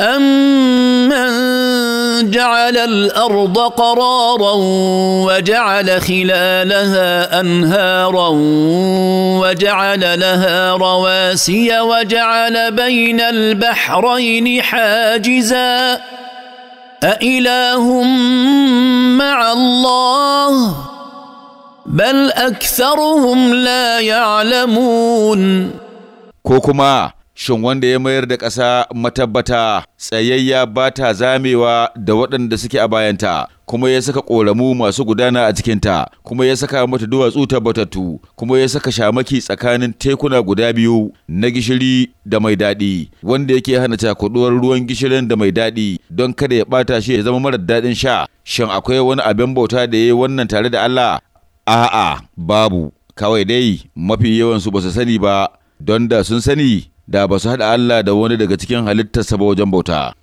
أمن جعل الأرض قرارا وجعل خلالها أنهارا وجعل لها رواسي وجعل بين البحرين حاجزا أإله مع الله بل أكثرهم لا يعلمون كوكما Shin wanda ya mayar da ƙasa matabbata tsayayya ba ta zamewa da waɗanda suke a bayanta, kuma ya saka ƙoramu masu gudana a cikinta, kuma ya saka mata duwatsu tabbatattu, kuma ya saka shamaki tsakanin tekuna guda biyu na gishiri da mai daɗi, wanda yake hana cakuduwar ruwan gishirin da mai daɗi don kada ya ɓata shi ya zama marar daɗin sha. Shin akwai wani abin bauta da ya yi wannan tare da Allah? A'a, babu, kawai dai mafi yawansu ba su sani ba, don da sun sani da ba su haɗa Allah da wani daga cikin halittarsa ba wajen bauta.